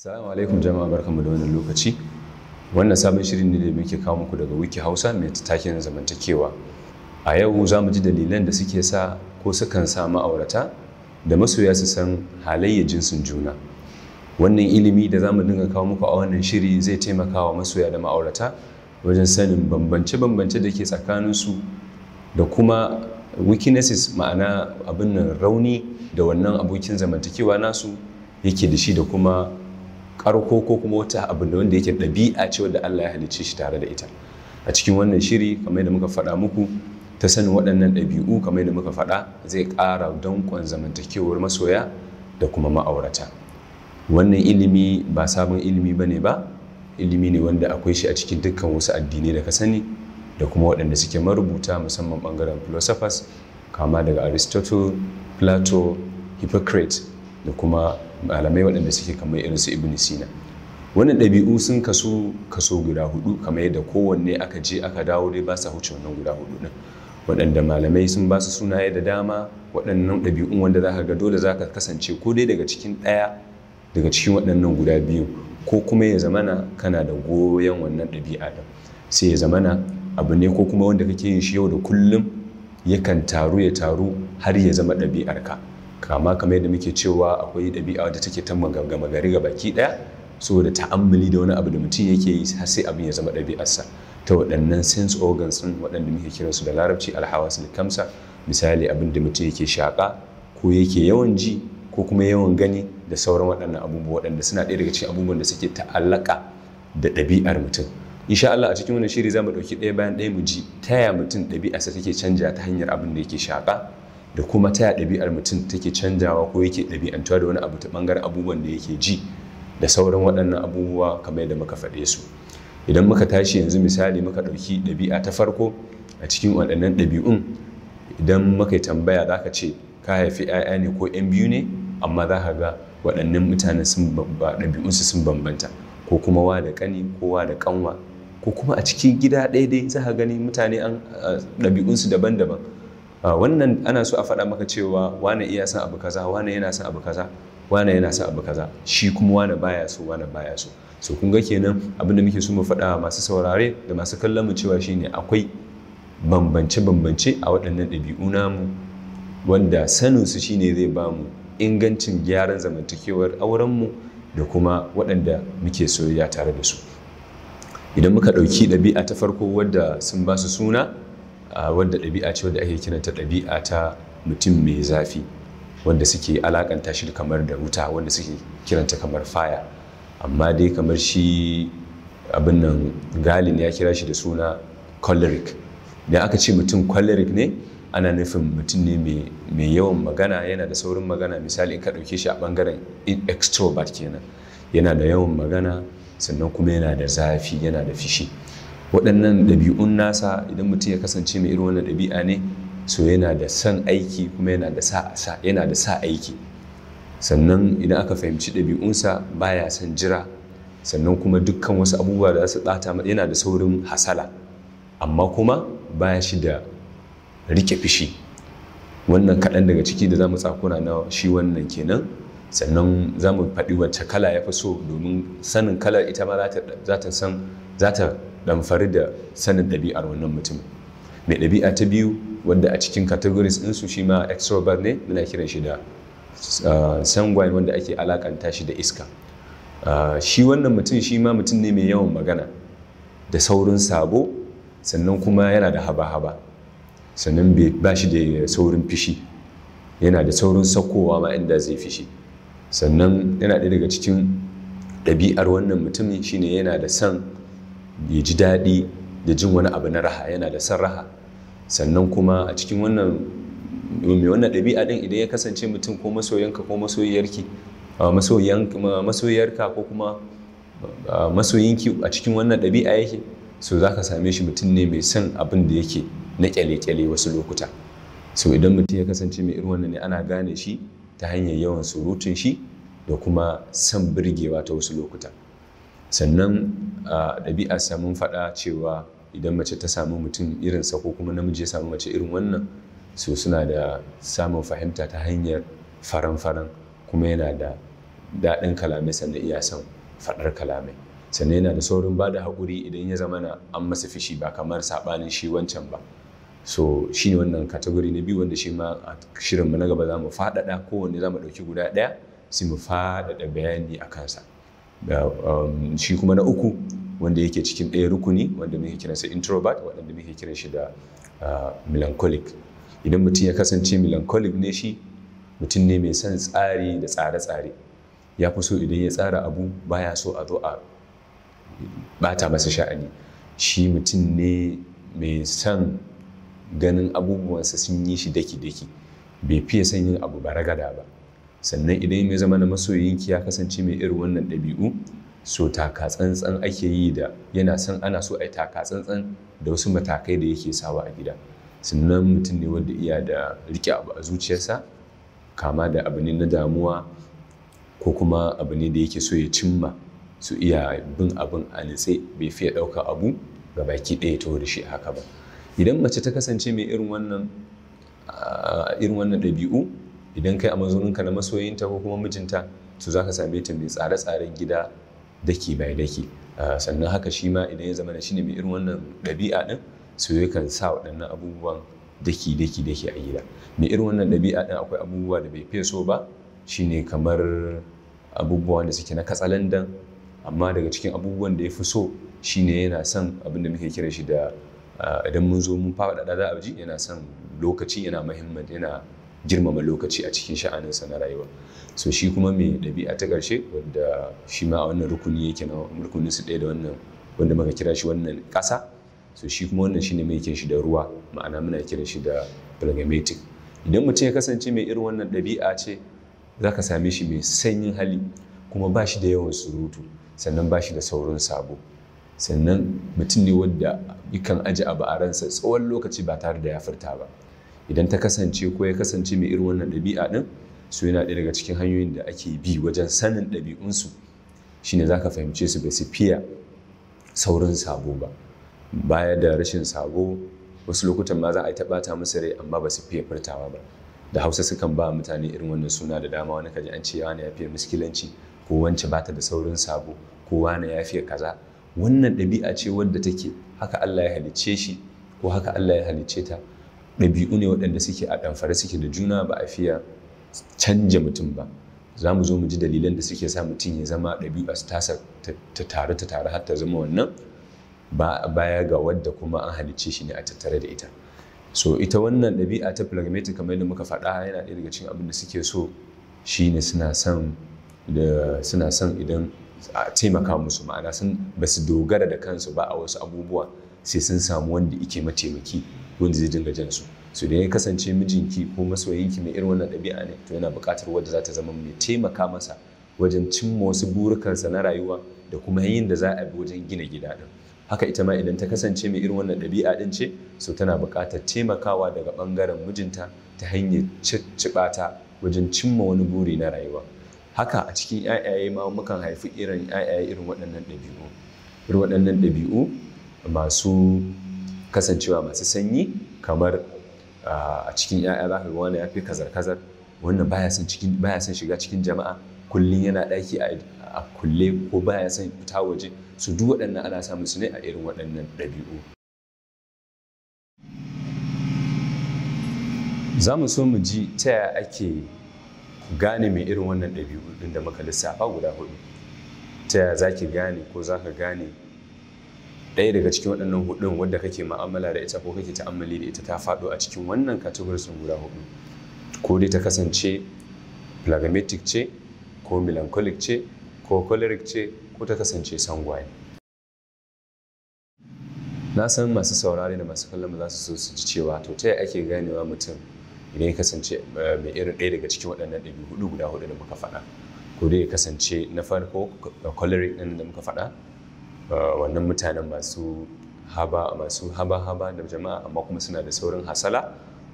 Assalamu alaikum jama'a barkanmu da wannan lokaci. Wannan sabon shirin ne da muke kawo muku daga Wiki Hausa mai taken zamantakewa. A yau za mu ji dalilan da suke sa ko sukan sa ma'aurata da masoya su san halayyar jinsin juna. Wannan ilimi da za mu dinga kawo muku a wannan shiri zai taimaka wa masoya da ma'aurata wajen sanin bambance-bambance da ke tsakaninsu da kuma weaknesses ma'ana abin rauni da wannan abokin zamantakewa nasu yake da shi da kuma karko ko kuma wata abu da wanda yake ɗabi'a ce wadda Allah ya halicce shi tare da ita a cikin wannan shiri kamar da muka faɗa muku ta sanin waɗannan ɗabi'u kamar da muka faɗa zai ƙara danƙon zamantakewar masoya da kuma ma'aurata wannan ilimi ba sabon ilimi ba ne ba ilimi ne wanda akwai shi a cikin dukkan wasu addinai da ka sani da kuma waɗanda suke marubuta musamman ɓangaren philosophers kama daga aristotle plato hippocrates da kuma malamai waɗanda suke kamar irin su ibn sina wannan ɗabi'u sun kaso kaso guda hudu kamar yadda kowanne aka je aka dawo dai ba sa huce wannan guda hudu ɗin waɗanda malamai sun ba su sunaye da dama waɗannan ɗabi'un wanda za ka ga dole za ka kasance ko dai daga cikin ɗaya daga cikin waɗannan guda biyu ko kuma ya zamana kana da goyon wannan ɗabi'a ɗin sai ya zamana abu ne ko kuma wanda kake yin shi yau da kullum yakan taru ya taru har ya zama ɗabi'arka kama kamar yadda muke cewa akwai ɗabi'a wadda take ta magagama gari ga baki ɗaya saboda ta'ammali da wani abu da mutum yake yi har sai abin ya zama ɗabi'arsa ta waɗannan sense organs ɗin waɗanda muke kiran su da larabci alhawasul kamsa misali abin da mutum yake shaƙa ko yake yawan ji ko kuma yawan gani da sauran waɗannan abubuwa waɗanda suna ɗaya daga cikin abubuwan da suke ta'allaka da ɗabi'ar mutum insha Allah a cikin wannan shiri za mu ɗauki ɗaya bayan ɗaya mu ji ta taya mutum ɗabi'arsa take canja ta hanyar abin da yake shaƙa da kuma ta ya ɗabi'ar mutum take canjawa ko yake ɗabi'antuwa da wani abu ta ɓangaren abubuwan da yake ji da sauran waɗannan abubuwa kamar yadda muka faɗe su idan muka tashi yanzu misali muka ɗauki ɗabi'a ta farko a cikin waɗannan ɗabi'un idan muka yi tambaya za ka ce ka haifi 'ya'ya ne ko 'yan biyu ne amma za ka ga waɗannan mutanen sun ɗabi'un su sun bambanta ko kuma wa da ƙani ko wa da ƙanwa ko kuma a cikin gida ɗaya dai za ka gani mutane an su daban-daban wannan ana so a faɗa maka cewa wane iya son abu kaza wane yana son abu kaza wane yana son abu kaza shi kuma wane baya so wane baya so so kun ga kenan abin da muke so mu faɗa masu saurare da masu kallon mu cewa shine akwai bambance-bambance a waɗannan ɗabi'u namu wanda sanin su shine zai ba mu ingancin gyaran zamantakewar auren mu da kuma waɗanda muke soyayya tare da su idan muka ɗauki ɗabi'a ta farko wadda sun ba su suna wanda ɗabi'a ce wanda ake kiranta ɗabi'a ta mutum mai zafi wanda suke alakanta shi kamar da wuta wanda suke kiranta kamar faya amma dai kamar shi abin nan galin ya kira shi da suna choleric da aka ce mutum choleric ne ana nufin mutum ne mai yawan magana yana da saurin magana misali in ka ɗauke shi a ɓangaren extrovert kenan yana da yawan magana sannan kuma yana da zafi yana da fishi waɗannan ɗabi'un nasa idan mutum ya kasance mai irin wannan ɗabi'a ne so yana da son aiki kuma yana da sa aiki sannan idan aka fahimci ɗabi'unsa baya son jira sannan kuma dukkan wasu abubuwa da su ɓata yana da saurin hasala amma kuma baya shi da rike fishi wannan kaɗan daga ciki da za mu tsakuna na shi wannan kenan sannan za mu faɗi wacce kala ya fi so domin sanin kalar ita ma za ta san za ta ɗamfari da sanin ɗabi'ar wannan mutum. mai ɗabi'a ta biyu wanda a cikin categories ɗinsu shi ma extrovert ne muna kiran shi da ah, sanguine wanda ake alakanta shi da iska ah, shi wannan mutum shi ma mutum ne mai yawan magana da saurin sabo sannan kuma yana da haba-haba sannan ba shi da saurin fishi yana da saurin sakowa ma inda zai fishi sannan yana ɗaya daga cikin ɗabi'ar wannan mutumin shine yana da son ya ji daɗi da jin wani abu na raha yana da son raha sannan kuma a cikin wannan mai wannan ɗabi'a ɗin idan ya kasance mutum ko masoyanka ko masoyiyarki masoyiyarka ko kuma masoyinki a cikin wannan ɗabi'a yake so za ka same shi mutum ne mai son abin da yake na ƙyale-ƙyale wasu lokuta so idan mutum ya kasance mai irin wannan ne ana gane shi ta hanyar yawan surutun shi da kuma san birgewa ta wasu lokuta sannan a ɗabi'a samun faɗa cewa idan mace ta samu mutum irinsa ko kuma namiji ya samu mace irin wannan so suna da samun fahimta ta hanyar faran-faran kuma yana da daɗin kalamai sannan iya son faɗar kalamai sannan yana da saurin ba da haƙuri idan ya zama na an masa fishi ba kamar saɓanin shi wancan ba so shi ne wannan kategori na biyu wanda shi ma a shirinmu na gaba za mu faɗaɗa kowanne za mu ɗauki guda ɗaya sai mu faɗaɗa bayani a kansa um, shi kuma na uku wanda yake cikin ɗaya rukuni wanda muke kiran sa introvert waɗanda muke kiran shi da uh, melancholic idan mutum ya kasance melancholic ne shi mutum ne mai son tsari da tsare-tsare ya fi so idan ya tsara abu baya so a zo a bata masa sha'ani shi mutum ne mai son ganin abubuwansa sun yi shi daki-daki bai fiye son yin abu ba ragada ba sannan idan mai zama na masoyinki ya kasance mai irin wannan ɗabi'u so taka tsantsan ake yi da yana san ana so a yi taka tsantsan da wasu matakai da yake sawa a gida sannan mutum ne wanda iya da rike abu a zuciyarsa kama da abu ne na damuwa ko kuma abu ne da yake so ya cimma su iya bin abin a nitse bai fiye ɗauka abu ga baki ɗaya ta shi haka ba idan mace ta kasance mai irin wannan ah, irin wannan ɗabi'u idan kai a mazurinka na masoyinta ko kuma mijinta to za ka same ta mai tsare-tsaren gida daki bai daki ah, sannan haka shi ma idan ya zama shi ne mai irin wannan ɗabi'a ɗin su yakan sa waɗannan abubuwan daki daki daki a gida mai irin wannan ɗabi'a ɗin akwai abubuwa da bai fiye so ba ne kamar abubuwa da suke na katsalandan amma daga cikin abubuwan da ya fi so shi ne yana son abin da muke kira shi da Ah, idan mun zo mun faɗaɗa za a ji yana son lokaci yana muhimman yana girmama lokaci a cikin sha'aninsa na rayuwa so shi kuma mai ɗabi'a ta ƙarshe wanda shi ma wannan rukuni yake na rukunin su ɗaya da wannan wanda muka kira shi wannan ƙasa so shi kuma wannan shine mai yake shi da ruwa ma'ana muna kiran shi da phlegmatic idan mutum ya kasance mai irin wannan ɗabi'a ce za ka same shi mai sanyin hali kuma ba shi da yawan surutu sannan ba shi da saurin sabo sannan mutum ne wanda. yakan aji abu a ransa tsawon lokaci ba tare da ya furta ba idan ta kasance ko ya kasance mai irin wannan ɗabi'a ɗin su yana ɗaya daga cikin hanyoyin da ake bi wajen sanin ɗabi'unsu shine za ka fahimce su ba su fiya saurin sabo ba baya da rashin sabo wasu lokutan ma za a yi ta ɓata musu rai amma ba su fiye furtawa ba da hausa sukan ba mutane irin wannan suna da dama wani kaji an ce wani ya fiye miskilanci ko wance ba ta da saurin sabo ko wani ya fiye kaza wannan ɗabi'a ce wadda take haka Allah ya halicce shi ko haka Allah ya halicce ta ɗabi'u ne waɗanda suke a ɗanfare suke da juna ba a fiya canja mutum ba za mu zo mu ji dalilan da suke sa mutum ya zama ɗabi'a su tasa ta tare ta tare har ta zama wannan Ba baya ga wadda kuma an halicce shi ne a tattare da ita so ita wannan ɗabi'a ta phlegmatic kamar yadda muka faɗa yana ɗaya daga cikin abin da suke so shine suna son suna son idan a taimaka musu ma'ana sun ba su dogara da kansu ba a wasu abubuwa sai sun samu wanda ike mataimaki wanda zai dinga jan su su da ya kasance mijinki ko masoyinki mai irin wannan ɗabi'a ne to yana buƙatar wadda za ta zama mai taimaka masa wajen cimma wasu burukansa na rayuwa da kuma yin da za a bi wajen gina gida ɗin haka ita ma idan ta kasance mai irin wannan ɗabi'a ɗin ce so tana buƙatar taimakawa daga ɓangaren mijinta ta hanyar cicciɓa wajen cimma wani buri na rayuwa haka a cikin yayaye ma mukan haifi irin yayaye irin waɗannan ɗabi'u irin waɗannan ɗabi'u masu kasancewa masu sanyi kamar a cikin yaya za ka ga wani ya fi kazar-kazar wannan baya son cikin baya son shiga cikin jama'a kullum yana ɗaki a kulle ko baya son fita waje su duk waɗannan ana samun su ne a irin waɗannan ɗabi'u za mu so mu ji ta yaya ake gane mai irin wannan ɗabi'u ɗin da muka lissafa guda hudu ta yaya za ki gane ko za ka gane ɗaya daga cikin waɗannan hudun wadda kake ma'amala da ita ko kake ta'ammali da ita ta faɗo a cikin wannan sun guda hudu ko dai ta kasance plagmatic ce ko melancholic ce ko choleric ce ko ta kasance sangwaye na san masu saurari da masu kallon za su so su ji cewa to ta yi ake ganewa mutum idan ya kasance eh, mai irin ɗaya daga cikin waɗannan ɗabi'u hudu guda hudu da muka faɗa ko dai ya kasance na farko eh, choleric ɗin da muka faɗa eh, wannan mutanen masu haba masu haba haba da jama'a amma kuma suna da saurin hasala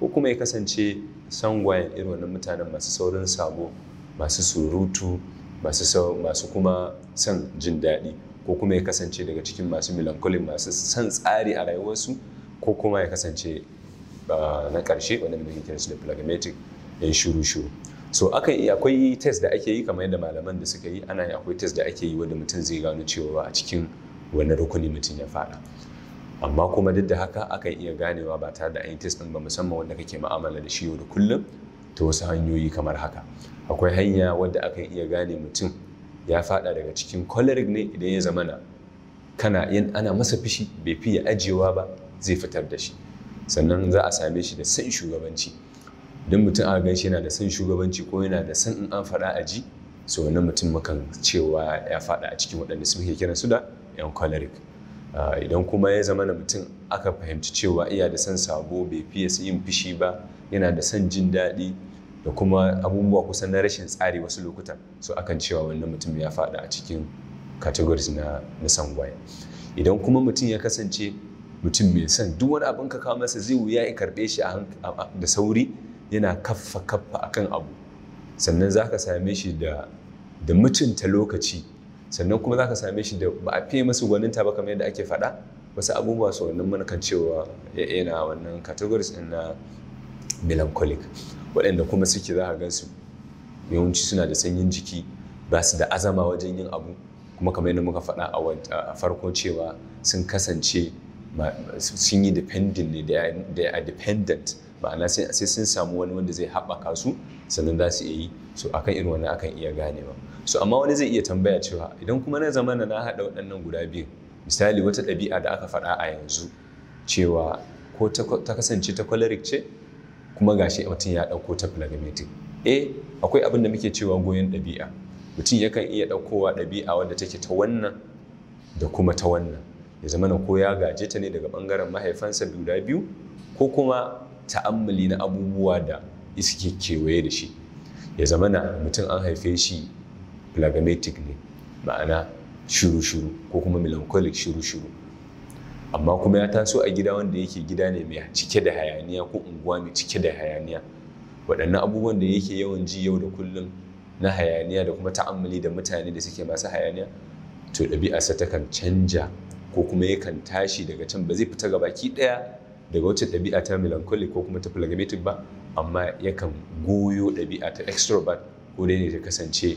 ko kuma ya kasance sangwayen irin wannan mutanen masu saurin sabo masu surutu masu kuma son jin daɗi ko kuma ya kasance daga cikin masu melancholy masu son tsari a rayuwarsu ko kuma ya kasance na ƙarshe wanda muke kiransu da plagmatic yan eh, shuru shuru so akan iya akwai test da ake yi kamar yadda malaman da suka yi ana yi akwai test da ake yi wanda mutum zai gano cewa a cikin wani rukuni mutum ya faɗa amma kuma duk da haka akan iya ganewa ba tare da an yi test ɗin ba musamman wanda kake mu'amala da shi yau da kullum ta wasu hanyoyi kamar haka akwai hanya wadda akan iya gane mutum ya faɗa daga cikin choleric ne idan ya zamana kana yin ana masa fishi bai fi fiye ajiyewa ba zai fitar da shi sannan za a same shi da san shugabanci don mutum a gan shi yana da san shugabanci ko yana da san in an faɗa a ji so wannan mutum makan cewa ya faɗa a cikin waɗanda suke kiran su da yan choleric ah, idan kuma ya zama na mutum aka fahimci cewa iya da san sabo bai fiye yin fishi ba yana da san jin daɗi da kuma abubuwa kusan na rashin tsari wasu lokutan so akan cewa wannan mutum ya faɗa a cikin categories na, na sangwaya idan kuma mutum ya kasance mutum mai son duk wani abin ka kawo masa zai wuya ya karɓe shi da sauri yana kaffa kaffa akan abu sannan za ka same shi da mutunta lokaci sannan kuma za ka same shi da ba a fiye masu gwaninta ba kamar yadda ake faɗa wasu abubuwa su wannan mana kan cewa yana wannan categories ɗin na melancholic waɗanda kuma suke za ka gan su yawanci suna da sanyin jiki ba su da azama wajen yin abu kuma kamar yadda muka faɗa a farko cewa sun kasance sun yi dependent ne da a dependent ma'ana sai sun samu wani wanda zai haɓaka su sannan za su iya yi so akan irin wani akan iya gane ba so amma wani zai iya tambaya cewa idan kuma na zamana na haɗa waɗannan guda biyu misali wata ɗabi'a da aka faɗa a yanzu cewa ko ta kasance ta choleric ce kuma gashi mutum ya ɗauko ta phlegmatic eh akwai abin da muke cewa goyon ɗabi'a mutum yakan iya ɗaukowa ɗabi'a wadda take ta wannan da kuma ta wannan ya zama na ko ya gaje ta ne daga ɓangaren mahaifansa guda biyu ko kuma ta'ammali na abubuwa da iske kewaye da shi ya zama na mutum an haife shi plagmatic ne ma'ana shuru-shuru ko kuma melancholic shuru-shuru amma kuma ya taso a gida wanda yake gida ne mai cike da hayaniya ko unguwa mai cike da hayaniya waɗannan abubuwan da yake yawan ji yau da kullum na hayaniya da kuma ta'ammali da mutane da suke masu hayaniya to ɗabi'arsa takan canja ko kuma yakan tashi daga can ba zai fita ga baki ɗaya daga wacce ɗabi'a ta melancholic ko kuma ta phlegmatic ba amma yakan goyo ɗabi'a ta extrovert ko dai ne ta kasance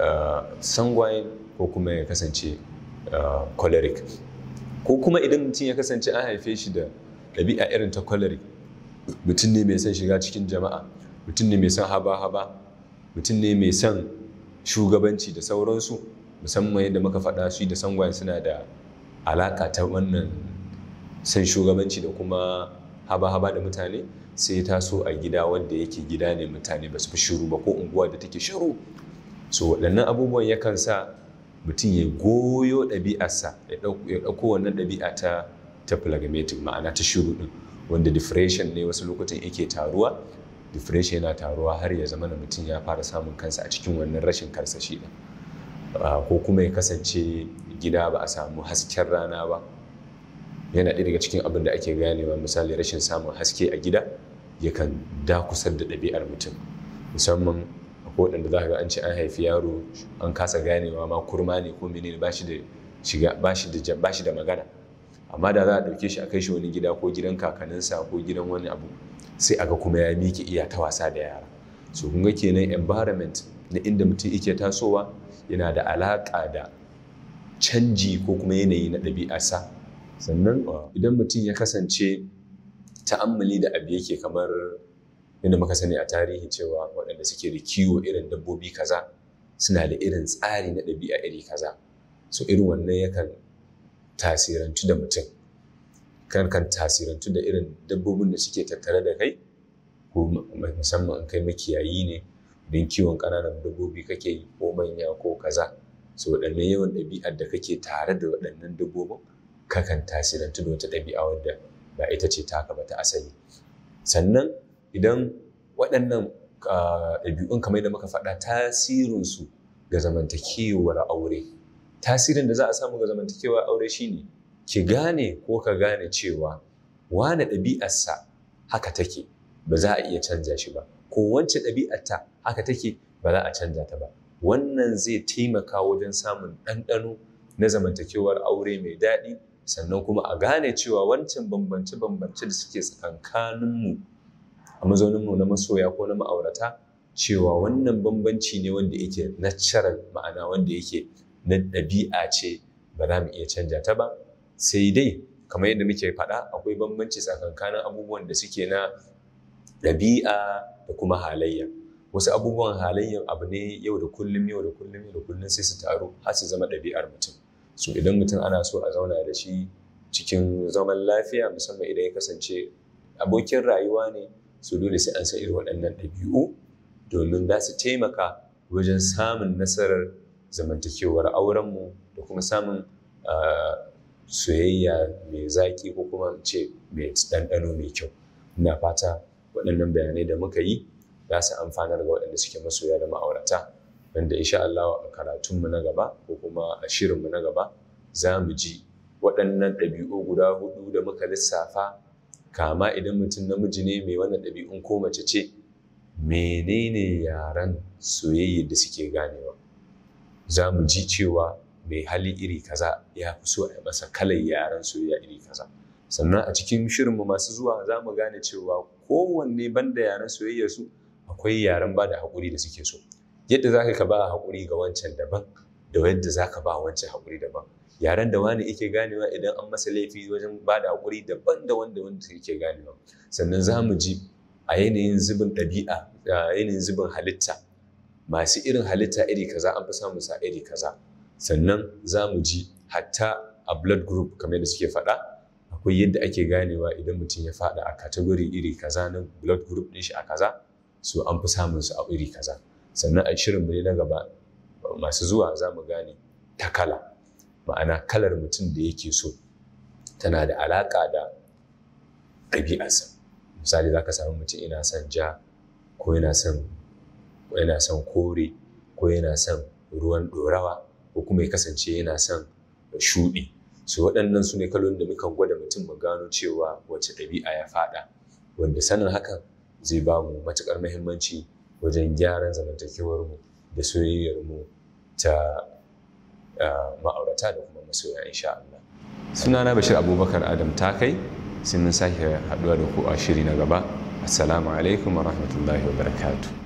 uh, sanguine ko kuma ya kasance uh, choleric ko kuma idan mutum ya kasance an haife shi da ɗabi'a irin ta choleric mutum ne mai son shiga cikin jama'a mutum ne mai son haba-haba mutum ne mai son shugabanci da sauransu musamman yadda muka faɗa shi da sanguine suna da alaƙa ta wannan san shugabanci da kuma haba-haba da mutane sai ya taso a gida wanda yake gida ne mutane ba su fi shiru ba ko unguwa da take shiru so waɗannan abubuwan yakan sa mutum ya goyo ɗabi'arsa ya ɗauko wannan ɗabi'a ta ta ma'ana ta shiru ɗin wanda depression ne wasu lokutan yake taruwa depression yana taruwa har ya zama mutum ya fara samun kansa a cikin wannan rashin karsashi ɗin ah, ko kuma ya kasance gida ba a samu hasken rana ba yana ɗaya daga cikin abin da ake ganewa misali rashin samun haske a gida yakan dakusar da ɗabi'ar mutum musamman ko waɗanda za a ga an ce an haifi yaro an kasa ganewa ma kurma ne ko menene ba shi da shiga ba da ba shi da magana amma da za a ɗauke shi a kai shi wani gida ko gidan kakaninsa ko gidan wani abu sai aga kuma ya miƙe iya ta wasa da yara so kun ga kenan environment na inda mutum yake tasowa yana da alaƙa da canji ko kuma yanayi na ɗabi'arsa sannan ah, idan mutum ya kasance ta'ammali da abu yake kamar yadda muka sani a tarihi cewa waɗanda suke da kiwo irin dabbobi kaza suna da irin tsari na ɗabi'a iri kaza so irin wannan yakan tasirantu da mutum kan tasirantu da irin dabbobin da suke tattare da kai ko musamman kai makiyayi ne don kiwon ƙananan dabbobi kake yi ko manya ko kaza so waɗannan yawan ɗabi'ar da kake tare da waɗannan dabbobin kakan tasirantu da wata ɗabi'a wadda ba ita ce taka ba ta asali sannan idan waɗannan ah, ɗabi'un kamar da muka faɗa tasirinsu ga zamantakewar aure tasirin da za a samu ga zamantakewar aure shine ki gane ko ka gane cewa wane ɗabi'arsa haka take ba za a iya canza shi ba ko wacce ɗabi'arta haka take ba za a canza ta ba wannan zai taimaka wajen samun ɗanɗano na zamantakewar aure mai daɗi sannan kuma a gane cewa wancan bambance-bambance da suke tsakankaninmu a mazauninmu na masoya ko na ma'aurata cewa wannan bambanci ne wanda yake na natural ma'ana wanda yake na ɗabi'a ce ba za mu iya canja ta ba sai dai kamar yadda muke faɗa akwai bambanci tsakankanin abubuwan da suke na ɗabi'a da kuma halayya wasu abubuwan halayyar abu ne yau da kullum yau da kullum yau da kullum sai su taru har su zama ɗabi'ar mutum so idan mutum ana so a zauna da shi cikin zaman lafiya musamman idan ya kasance abokin rayuwa ne Su dole sai an san irin waɗannan ɗabi'u domin za su taimaka wajen samun nasarar zamantakewar aurenmu da kuma samun ah, soyayya mai zaki, ko kuma ce mai ɗanɗano mai kyau ina fata waɗannan bayanai da muka yi za su amfanar daga waɗanda suke masoya da ma'aurata wanda insha Allah a karatunmu na gaba ko kuma a shirinmu na gaba za mu ji waɗannan ɗabi'u guda hudu da muka lissafa kama idan mutum namiji ne mai wannan ɗabi'un ko mace ce menene yaran soyayya da suke ganewa za mu ji cewa mai hali iri kaza ya fi so a masa kalar yaran soyayya iri kaza sannan a cikin shirinmu masu zuwa za mu gane cewa kowanne banda yaran soyayyar su akwai yaren ba da haƙuri da suke so yadda za ka ba haƙuri ga wancan daban da yadda za ka ba wancan haƙuri daban yaren da wani yake ganewa idan an masa laifi wajen ba da haƙuri daban da wanda wanda yake ganewa sannan za mu ji a yanayin zubin ɗabi'a a yanayin zubin halitta masu irin halitta iri kaza an fi samun sa iri kaza sannan za mu ji hatta a blood group kamar yadda suke faɗa akwai yadda ake ganewa idan mutum ya faɗa a category iri kaza na blood group ɗin shi a kaza su an fi samun su a iri kaza sannan a shirin mu na gaba masu zuwa za mu gane ta kala ma'ana kalar mutum da yake so tana da alaƙa da ɗabi'arsa misali za ka samu mutum ina son ja ko yana son yana son kore ko yana son ruwan ɗorawa ko kuma ya kasance yana son shuɗi su waɗannan su ne kalolin da muka gwada mutum mu gano cewa wace ɗabi'a ya faɗa wanda sanin hakan zai ba mu matuƙar muhimmanci wajen gyaran zamantakewar mu da soyayyar mu ta ma'aurata da kuma masoya insha Allah. Sunana Bashir Abubakar Adam ta kai sai sake haɗuwa da ku a shiri na gaba. Assalamu alaikum wa rahmatullahi wa barakatuh.